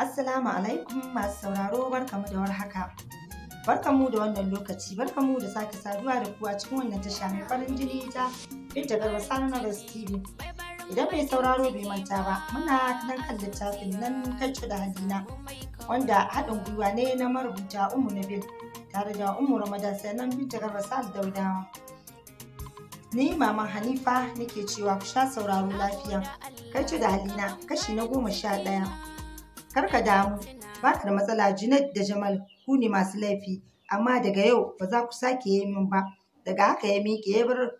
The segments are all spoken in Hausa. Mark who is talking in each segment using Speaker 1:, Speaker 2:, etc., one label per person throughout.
Speaker 1: Assalamu alaikum masu sauraro barkamu da warhaka. Barkamu da wannan lokaci barkamu da sake saduwa da kuwa cikin wannan tasha mai farin jini ta Binta Garba Sanarars TV. Idan mai sauraro bai manta ba muna nan kan littafin nan kacce da hadina wanda haɗin gwiwa ne na marubuta Ummu Nabil tare da Ummu Ramadan sannan Binta Garba Sal Daudawa. Ni Maman Hanifa nake cewa ku sha sauraro lafiya. Kacce da halina kashi na goma sha ɗaya. Kar ka damu, ba ka da matsala jinat da Jamal ku ne masu laifi, amma daga yau ba za ku sake yi min ba. Daga haka ya miƙe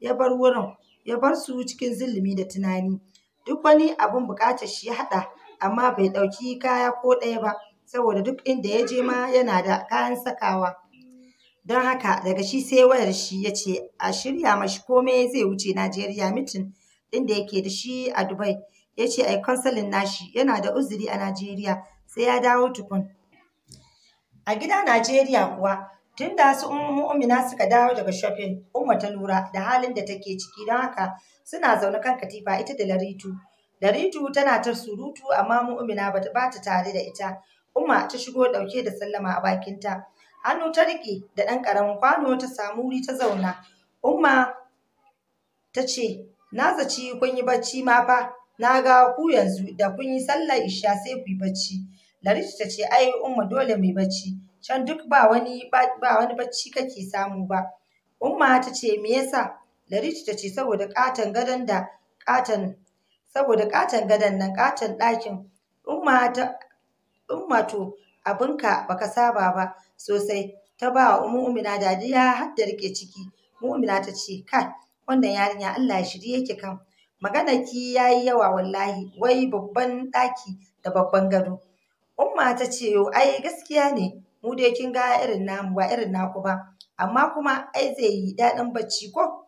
Speaker 1: ya bar wurin, ya bar su cikin zulumi da tunani. Duk wani abun buƙatar shi ya haɗa, amma bai ɗauki kaya ko ɗaya ba, saboda duk inda ya je ma yana da kayan sakawa. Don haka daga shi sai wayar shi ya ce a shirya mashi komai zai wuce Najeriya mitin ɗin da yake da shi a Dubai. ya ce ai kansalin nashi yana da uzuri a Najeriya sai ya dawo tukun. A gida Najeriya kuwa tun da su umina suka dawo daga shopping umma ta lura da halin da take ciki don haka suna zaune kan katifa ita da Laritu. Laritu tana ta surutu amma ba bata bata tare da ita. Umma ta shigo dauke da sallama a bakinta. Hannu ta riƙe da ɗan ƙaramin kwano ta samu wuri ta zauna. Umma ta ce, Na zaci kun yi bacci ma fa, na ga ku yanzu da kun yi sallar isha sai ku yi bacci larita ta ce ai umma dole mu yi bacci can duk ba wani ba wani bacci kake samu ba umma ta ce me yasa larita ta ce saboda katan gadon da katan saboda katan gadon nan katan ɗakin umma ta umma to abinka baka saba ba sosai ta ba wa mu'mina dadiya har da rike ciki mu'mina ta ce kai wannan yarinya Allah ya shirye ki kan maganarki ya yi yawa wallahi wai babban ɗaki da babban gado umma ta ce ai gaskiya ne mu dai kin ga irin namu ba irin naku ba amma kuma ai zai yi daɗin bacci ko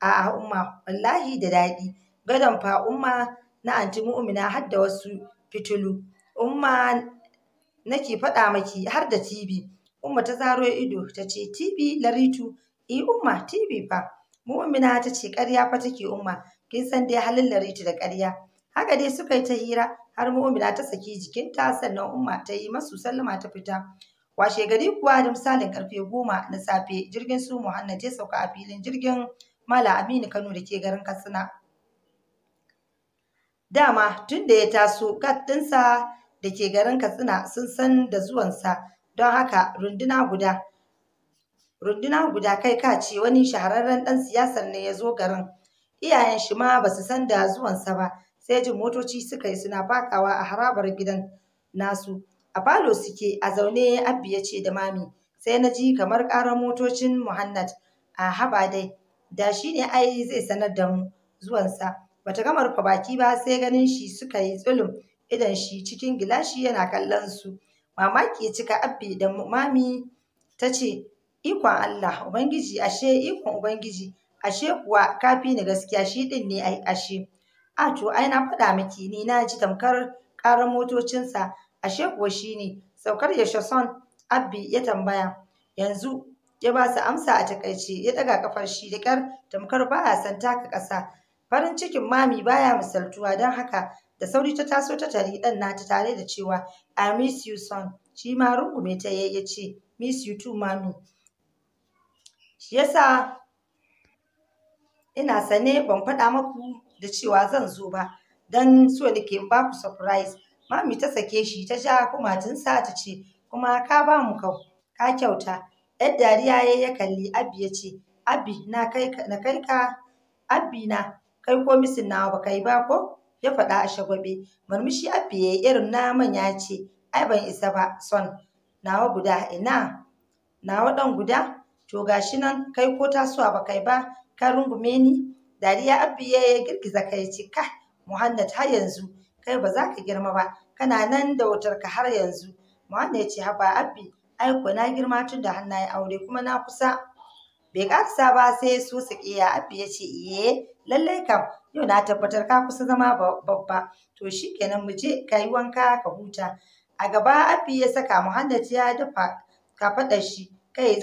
Speaker 1: a'a umma wallahi da daɗi gadon fa umma na anti mu'mina har da wasu fitilu umma nake faɗa maki har da TV. Umma ta zaro ido ta ce TV Laritu, i eh, umma TV fa. Mu'mina ta ce ƙarya fa take umma, kin san dai halin lariti da ƙarya haka dai suka yi ta hira har mu'mina ta saki jikinta sannan umma ta yi masu sallama ta fita washe gari kuwa da misalin karfe goma na safe jirgin su muhannad ya sauka a filin jirgin mala aminu kano da ke garin katsina dama tun da ya taso gat ɗinsa da ke garin katsina sun san da zuwansa don haka runduna guda runduna guda kai ka ce wani shahararren ɗan siyasar ne ya zo garin iyayen shi ma ba su san da zuwansa ba sai jin motoci suka yi suna fakawa a harabar gidan nasu a falo suke a zaune abbi ya ce da mami sai na ji kamar karar motocin muhannad a haba dai da shi ne ai zai sanar da mu zuwansa bata gama rufe baki ba sai ganin shi suka yi tsulum idan shi cikin gilashi yana kallon su mamaki ya cika abbi da mami ta ce ikon Allah ubangiji ashe ikon ubangiji ashe kuwa kafi ni gaskiya shi ɗin ne ai ashe a to ai na faɗa miki ni na ji tamkar ƙarar motocinsa ashe kuwa shi ne saukar ya shason abbi ya tambaya yanzu ya ba su amsa a takaice ya ɗaga kafar shi da kyar. tamkar ba a san taka ƙasa farin cikin mami baya misaltuwa don haka da sauri ta taso ta tari ɗan nata tare da cewa i miss you son shi ma rungume ta ya ce miss you too mami shi yasa ina sane ban faɗa maku da cewa zan zo ba dan so ke ba ku surprise mami ta sake shi ta ja kumatinsa ta ce kuma ka ba mu kau ka kyauta yar dariya ya ya kalli Abbi ya ce Abbi na kai na kai ka abbi na kai ko misin nawa ba kai ba ko ya faɗa a shagwabe murmushi Abbi ya irin na manya ce ai ban isa ba son nawa guda ina nawa dan guda to gashi nan kai ko tasowa ba kai ba ka rungume ni dariya abbi ya girgiza kai ce ka muhammad har yanzu kai ba za ka girma ba kana nan da wutar ka har yanzu muhammad ya ce haba abbi aiko na girma tun da yi aure kuma na kusa bai karsa ba sai su kiya abbi ya ce iye lallai kam yau na tabbatar ka kusa zama babba to shi kenan mu je ka yi wanka ka huta a gaba abbi ya saka muhammad ya dafa ka faɗa shi kai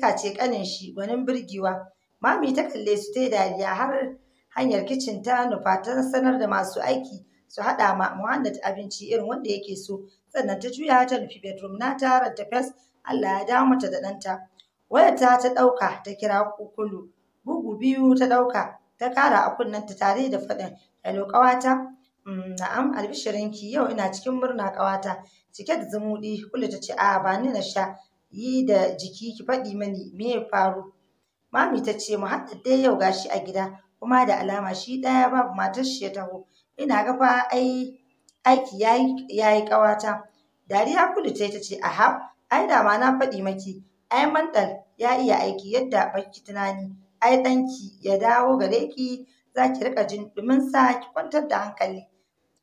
Speaker 1: ka ce kanin shi gwanin birgewa Mami ta kalle su ta yi dariya har hanyar kicin ta nufa ta sanar da masu aiki su haɗa ma Muhammad abinci irin wanda yake so sannan ta juya ta nufi bedroom na ta ta fes Allah ya dawo mata da ɗanta. Wayarta ta ɗauka ta kira kulu bugu biyu ta ɗauka ta kara a kunnenta tare da faɗin hello ƙawata mm, na'am albishirinki yau ina cikin murna ƙawata cike da zumuɗi kulu ta ce a ba ni na sha yi da jiki ki faɗi mani me ya faru Mami ta ce mu haɗa dai yau gashi a gida kuma da alama shi ɗaya babu matar shi ya taho. Ina ga fa ai aiki ya yi ƙawata. Dariya kudu ta ta ce aha ai da na faɗi maki ai mandal ya iya aiki yadda baki tunani ai ɗanki ya dawo gare ki za ki riƙa jin sa ki kwantar da hankali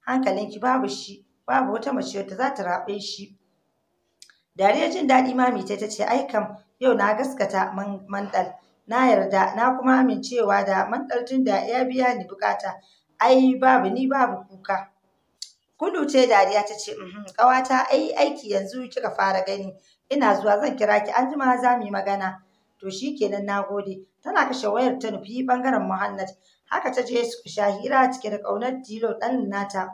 Speaker 1: hankalinki babu shi babu wata mace wadda za ta raɓe shi. Dariya jin daɗi mami ta ce ai kam yau na gaskata manɗal. na yarda na kuma amincewa da mandar da ya biya ni bukata ai babu ni babu kuka kudu ce dariya ta ce uhm, ƙawata ai aiki yanzu kika fara gani ina zuwa zan kira ki anjima za mu yi magana to shi kenan na gode. tana kashe wayar ta nufi ɓangaren Muhannad haka ta je su sha hira cike da ƙaunar dilo ɗan nata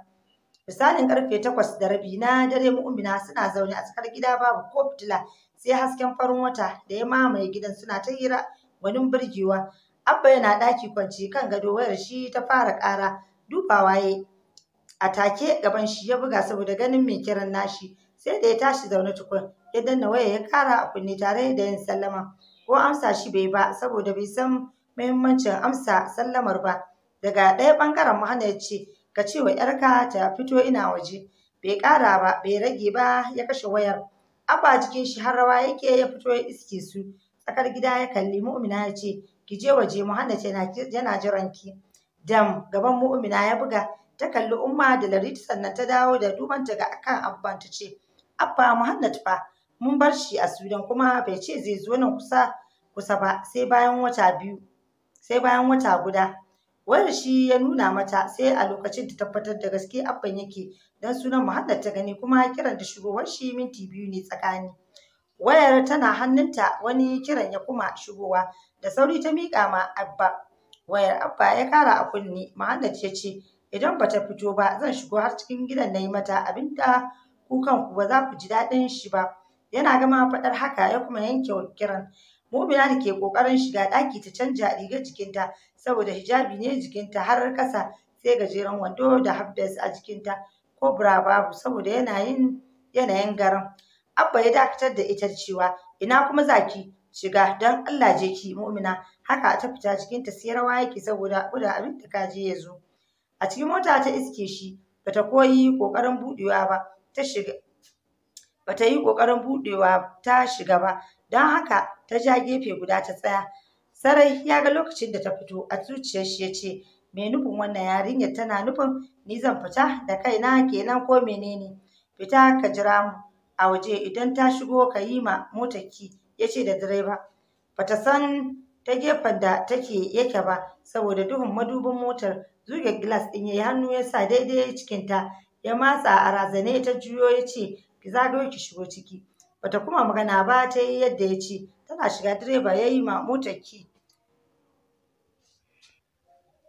Speaker 1: misalin karfe takwas da rabi na dare mu'mina suna zaune a tsakar gida babu ko fitila sai hasken farin wata da ya mamaye gidan suna ta hira gwanin burgewa abba yana ɗaki kwance kan gado wayar shi ta fara ƙara dubawa ya a take gaban shi ya buga saboda ganin mai kiran nashi sai da ya tashi zaune tukun ya danna waya ya ƙara a kunne tare da yin sallama ko amsa shi bai ba saboda bai san muhimmancin amsa sallamar ba daga ɗaya ɓangaren mahana ya ce ka ce wa ‘yarka ta fito ina waje bai ƙara ba bai rage ba ya kashe wayar abba jikin shi har rawa yake ya fito ya iske su tsakar gida ya kalli mu'mina ya ce ki je waje ce yana jiran ki dam gaban mu'mina ya buga ta kalli umma da larit sannan ta dawo da duban ta ga akan abban ta ce abba Muhammad fa mun bar shi a sudan kuma bai ce zai zo nan kusa kusa ba sai bayan wata biyu sai bayan wata guda Wani shi ya nuna mata sai a lokacin ta tabbatar da gaske abban yake dan sunan muhammad ta gani kuma kiran da shigowar shi minti biyu ne tsakani wayar tana hannunta wani kiran ya kuma shigowa da sauri ta miƙa ma abba wayar abba ya kara a kunni muhammad ya ce idan ba ta fito ba zan shigo har cikin gidan na yi mata da ku kanku ba za ku ji daɗin shi ba yana gama faɗar haka ya kuma yanke kiran Mumina da ke ƙoƙarin shiga ɗaki ta canja rigar jikinta saboda hijabi ne jikinta har ƙasa sai gajeren wando da habdas a jikinta ko bra babu saboda yanayin yanayin garin Abba ya dakatar da ita cewa ina kuma zaki shiga don Allah je ki mu'mina haka ta fita ta sai rawa yake saboda kuda abin da ka ya zo. A cikin mota ta iske shi bata koyi kokarin budewa ba ta shiga bata yi kokarin budewa ta shiga ba don haka ta ja gefe guda ta tsaya. Sarai ya ga lokacin da ta fito a zuciyar shi ya ce me nufin wannan yarinyar tana nufin ni zan fita da kaina kenan ko menene fita ka jira mu a waje idan ta shigo ka yi ma motarki ya ce da direba bata san ta gefen da take yake ba saboda duhun madubin motar zuge gilas din ya hannu ya sa daidai cikin ta ya matsa a razane ta juyo ya ce ki zagayo ki shigo ciki bata kuma magana ba ta yi yadda ya ce tana shiga direba ya yi ma motarki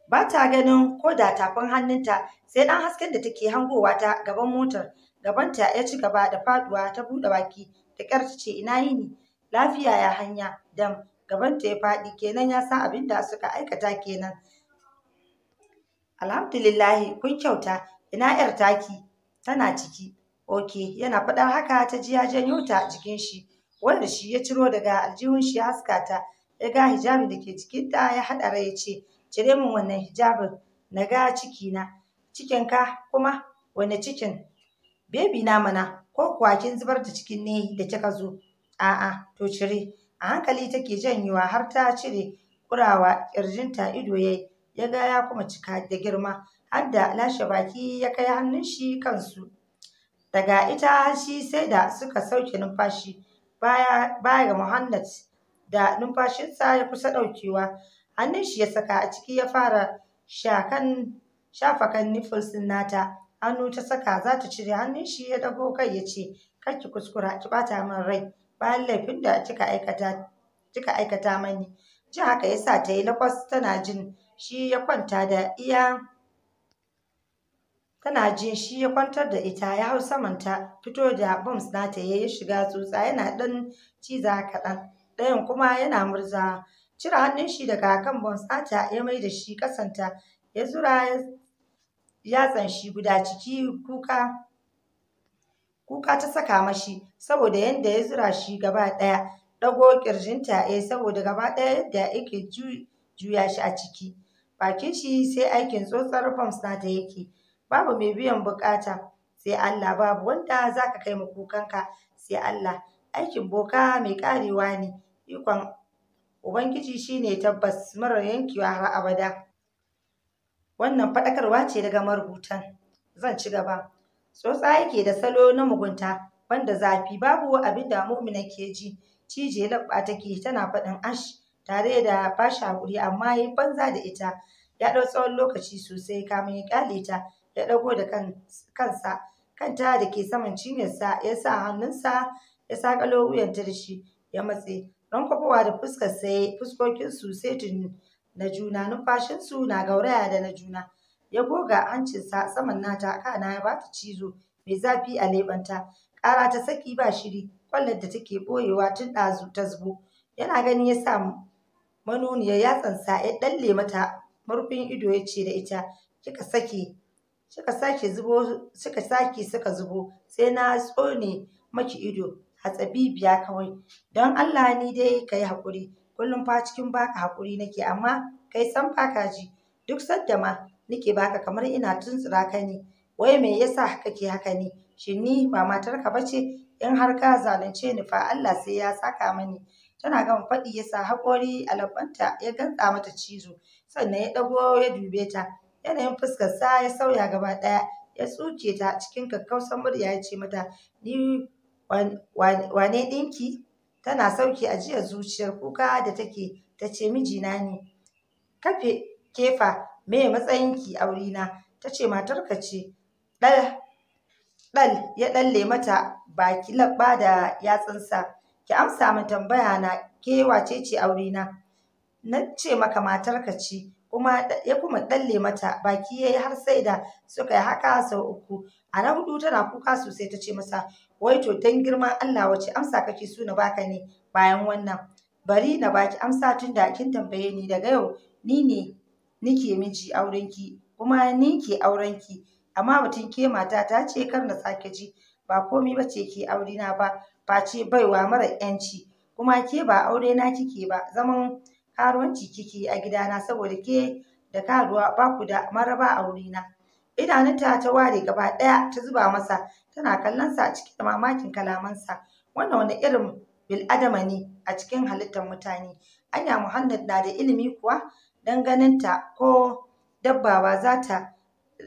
Speaker 1: ba ta ganin ko da tafin hannunta sai ɗan hasken da take hangowa ta gaban motar gabanta ya ci gaba da faduwa ta buɗe baki da kyar ta ce ina yini lafiya ya hanya dam gabanta ya faɗi kenan ya san abin da suka aikata kenan alhamdulillahi kun kyauta ina yar taki tana ciki ok yana faɗar haka ta ji ya janyo ta jikin shi wanda shi ya ciro daga aljihun shi ya haska ta ya ga hijabin da ke cikin ta ya hada rai ya ce cire min wannan hijabin na ga cikina cikinka kuma Wani cikin Bebi na mana ko kuwa kin zubar da cikin ne da kika zo. A'a to cire. A hankali take janyuwa har ta cire kurawa kirjinta ido yayi ya ga ya kuma cika da girma har da lashe baki ya kai hannun shi kansu. Daga ita har shi sai da suka sauke numfashi baya baya ga Muhammad da numfashinsa ya kusa ɗaukewa. Hannun shi ya saka a ciki ya fara shakan shafakan nipples nata hannu ta saka za ta cire hannun shi ya dago kai ya ce kar ki kuskura ki bata min rai bayan laifin da kika aikata kika aikata mani ji haka yasa ta yi lakwas tana jin shi ya kwanta da iya tana jin shi ya kwantar da ita ya hau samanta fito da bombs na ta ya shiga tsutsa yana ɗan ciza kaɗan ɗayan kuma yana murza cire hannun shi daga kan bombs nata ya mai da shi kasanta ya zura ya Ya shi guda ciki kuka kuka ta saka mashi saboda yadda ya zura shi gaba ɗaya ɗago ƙirjinta ya eh, saboda gaba ɗaya yadda yake juya shi a ciki bakin shi sai aikin tsotsar na ta yake babu mai biyan bukata sai Allah babu wanda za ka kai kukanka sai Allah aikin boka mai karewa ne ikon ubangiji shine tabbas marar yankewa har abada Wannan faɗakarwa ce daga marubutan. Zan ci gaba. Tsotsa yake da salo na mugunta wanda zafi babu abin da mumina ke ji. Cije labba take tana faɗin ash tare da ba shi hakuri amma ya banza da ita. Ya ɗau tsawon lokaci sosai kamin ya ƙyale ta ya ɗago da kansa. Kanta da ke saman cinyarsa ya sa hannunsa ya saƙalo wuyanta da shi ya matse. Don kwafowa da fuskar sai fuskokin su sai tuni na juna numfashinsu na gauraya da na juna ya goga hancinsa saman nata kana ya bata cizo mai zafi a leɓanta ƙara ta saki ba shiri kwallar da take ɓoyewa tun ɗazu ta zubo yana gani ya sa manuniya yatsansa ya ɗalle mata murfin ido ya ce da ita kika sake suka sake zubo suka sake suka zubo sai na tsone maki ido biya kawai don Allah ni dai ka yi haƙuri kullum fa cikin baka hakuri nake amma kai san baka ji duk sadda ma nake baka kamar ina tuntsura ka ne wai me yasa kake haka ne shin ni ba matarka bace in har ka zalunce ni fa Allah sai ya saka mani tana gama faɗi ya sa haƙori a ya gantsa mata cizo sannan ya ɗago ya dube ta yanayin fuskar sa ya sauya gaba ɗaya ya tsuke ta cikin kakkausan murya ya ce mata ni wane ɗinki tana sauki ajiyar zuciyar kuka da take ta ce mijina ne kafe kefa me matsayinki aurina ta ce matarka ce ɗal ɗal ya ɗalle mata baki labba da yatsunsa ki amsa min tambaya na ke wace ce na ce maka matarka ce kuma ya kuma ɗalle mata baki ya yi har sai da suka yi haka sau uku a na hudu tana kuka sosai ta ce masa wai to dan girman Allah wace amsa kake so na baka ne bayan wannan bari na baki amsa tun da kin tambaye ni daga yau ni ne nike miji aurenki kuma ni ke aurenki amma batun ke mata ta ce kar na sake ji ba komai ba ce ke aure na ba ce baiwa mara yanci kuma ke ba aure na kike ba zaman karuwanci kike a gidana saboda ke da karuwa ba ku da maraba aure na idanunta ta ta ware gaba ɗaya ta zuba masa tana kallon sa cike da mamakin kalamansa wannan wani irin bil'adama ne a cikin halittar mutane anya muhammad na da ilimi kuwa don ganin ta ko dabba ba za ta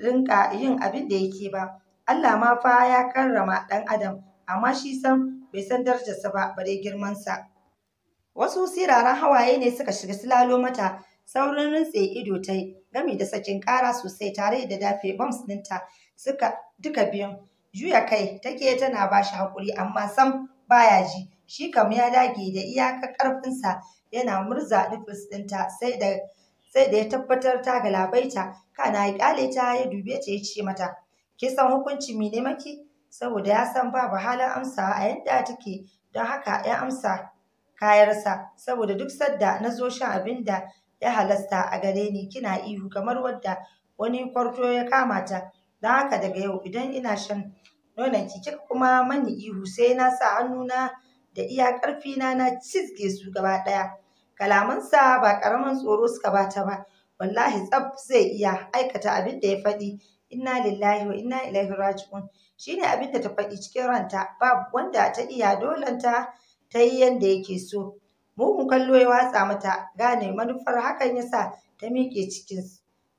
Speaker 1: rinka yin abin da yake ba allah ma fa ya karrama ɗan adam amma shi san bai san darajarsa ba bare sa. wasu siraran hawaye ne suka shiga silalo mata saurin rintse ido ta yi gami da sakin kara sosai tare da dafe bombs ɗinta suka duka biyun juya kai take tana ba shi haƙuri amma sam baya ji shi kam ya dage da iyakar ƙarfinsa yana murza nufis ɗinta sai da sai da ya tabbatar ta galabaita kana ya ƙyale ta ya dube ta ya ce mata ki san hukunci ne maki saboda ya san babu halin amsa a yadda take don haka ya amsa kayarsa saboda duk sadda na zo shan abin da ya halasta a gare ni kina ihu kamar wadda wani kwarto ya kama ta don haka daga yau idan ina shan nonon kika kuma mani ihu sai na sa hannuna da iya ƙarfina na cizge su gaba ɗaya kalamansa ba ƙaramin tsoro suka bata ba wallahi tsab zai iya aikata abin da ya faɗi inna lillahi wa inna ilaihi raji'un shine abin da ta faɗi cikin ranta babu wanda ta iya dolanta ta yi yanda yake so mugun kallo ya watsa mata gane manufar hakan yasa ta miƙe cikin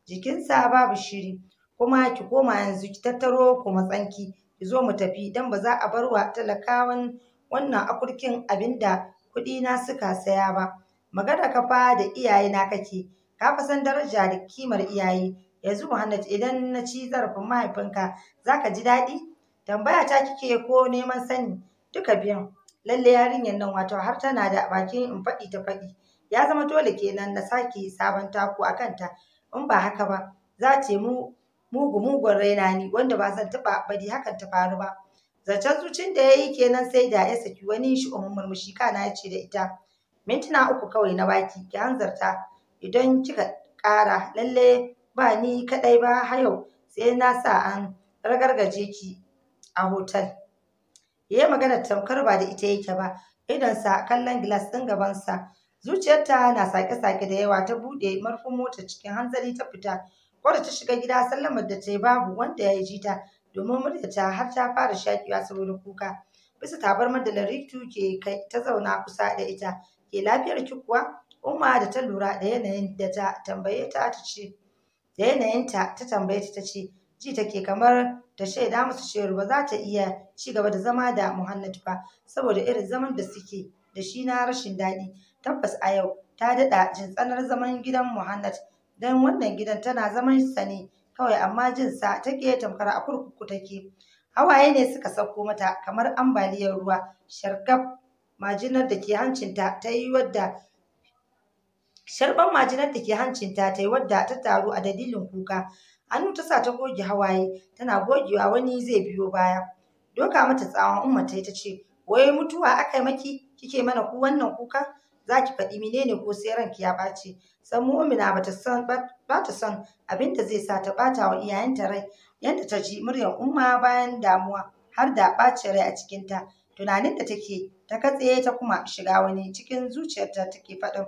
Speaker 1: jikinsa babu shiri kuma ki koma yanzu ki tattaro ku matsanki ki zo mu tafi dan ba za a bar wa talakawan wannan akurkin abinda kuɗi na suka saya ba magana ka fa da iyaye na kake ka fa san daraja da kimar iyaye yanzu Muhammad idan na ci zarafin mahaifinka zaka ji daɗi tambaya ta kike ko neman sani duka biyan Lallai, yarinyar nan wato har tana da bakin in faɗi ta faɗi ya zama dole kenan na sake sabon taku a kanta in ba haka ba za ce mu mugu mugun raina ne wanda ba zan taɓa bari hakan ta faru ba zancen zucin da ya yi kenan sai da ya saki wani shi murmushi kana ya ce da ita mintuna uku kawai na baki ki hanzarta idan kika ƙara lalle ba ni kaɗai ba hayau. sai na sa an ragargaje ki a hotel ya yi magana tamkar ba da ita yake ba idonsa kallon gilas ɗin gabansa zuciyarta na sake-sake da yawa ta buɗe marfin mota cikin hanzari ta fita wadda ta shiga gida sallamar da ta yi babu wanda ya yi jita, domin muryarta har ta fara shakiwa saboda kuka bisa tabarmar da laritu ke kai ta zauna kusa da ita ke lafiyar ki kuwa umma da ta lura da yanayin da ta tambaye ta ta ce da yanayinta ta tambaye ta ta ce ji take kamar ta shaida musu cewar ba za ta iya ci gaba da zama da Muhannad ba saboda irin zaman da suke da shi na rashin daɗi tabbas a yau ta daɗa jin tsanar zaman gidan Muhannad don wannan gidan tana zaman sa ne kawai amma jin sa take tamkar a kurkuku take hawaye ne suka sauko mata kamar ambaliyar ruwa sharkaf majinar da hancinta ta wadda sharban majinar da ke hancinta ta yi wadda ta taru a dalilin kuka hannu ta sa ta goge hawaye tana gogewa wani zai biyo baya doka mata tsawon umma ta ta ce wai mutuwa aka maki kike mana ku wannan kuka za ki faɗi menene ko sai ranki ya ɓace san mu'mina ta san son abin da zai sa ta ɓata wa iyayenta rai yanda ta ji muryar umma bayan damuwa har da ɓacin rai a cikinta tunanin da take ta katse ta kuma shiga wani cikin zuciyarta take faɗin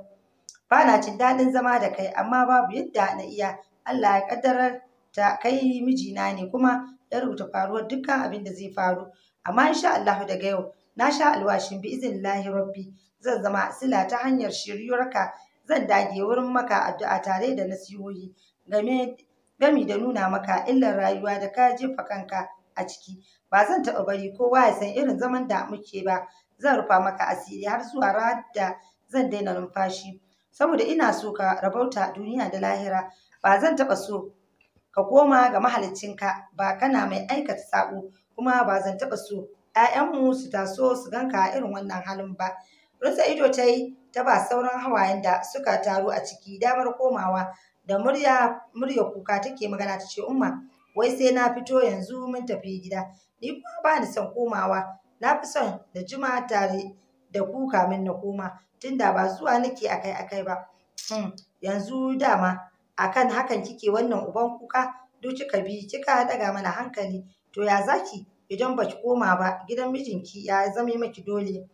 Speaker 1: ba na jin daɗin zama da kai amma babu yadda na iya Allah ya ƙaddarar ta kai mijina ne kuma ya rubuta faruwar dukkan abin da zai faru amma insha Allah daga yau na sha alwashin bi iznillahi rabbi zan zama sila ta hanyar shiryarka zan dage wurin maka addu'a tare da nasihohi game gami da nuna maka illar rayuwa da ka jefa kanka a ciki ba zan taɓa bari kowa ya san irin zaman da muke ba zan rufa maka asiri har zuwa ranar da zan daina numfashi saboda ina so ka rabauta duniya da lahira ba zan taɓa so ka koma ga mahaliccinka ba kana mai aikata saƙo, kuma ba zan taɓa so ‘ya'yanmu su taso su ganka irin wannan halin ba. Rusa ido ta ta ba sauran hawayen da suka taru a ciki damar komawa da murya murya kuka take magana ta ce umma wai sai na fito yanzu mun tafi gida ni kuma ba ni son komawa na fi son da juma tare da ku kamin na koma tunda ba zuwa nake akai akai ba hmm, yanzu dama akan hakan kike wannan uban kuka duk kika bi kika daga mana hankali to ya zaki idan baki koma ba gidan mijinki ya zama maki dole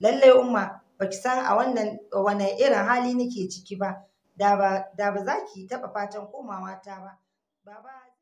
Speaker 1: lallai umma baki san a wannan wane irin hali nake ciki ba da ba da ba za ki taɓa fatan komawa ta ba baba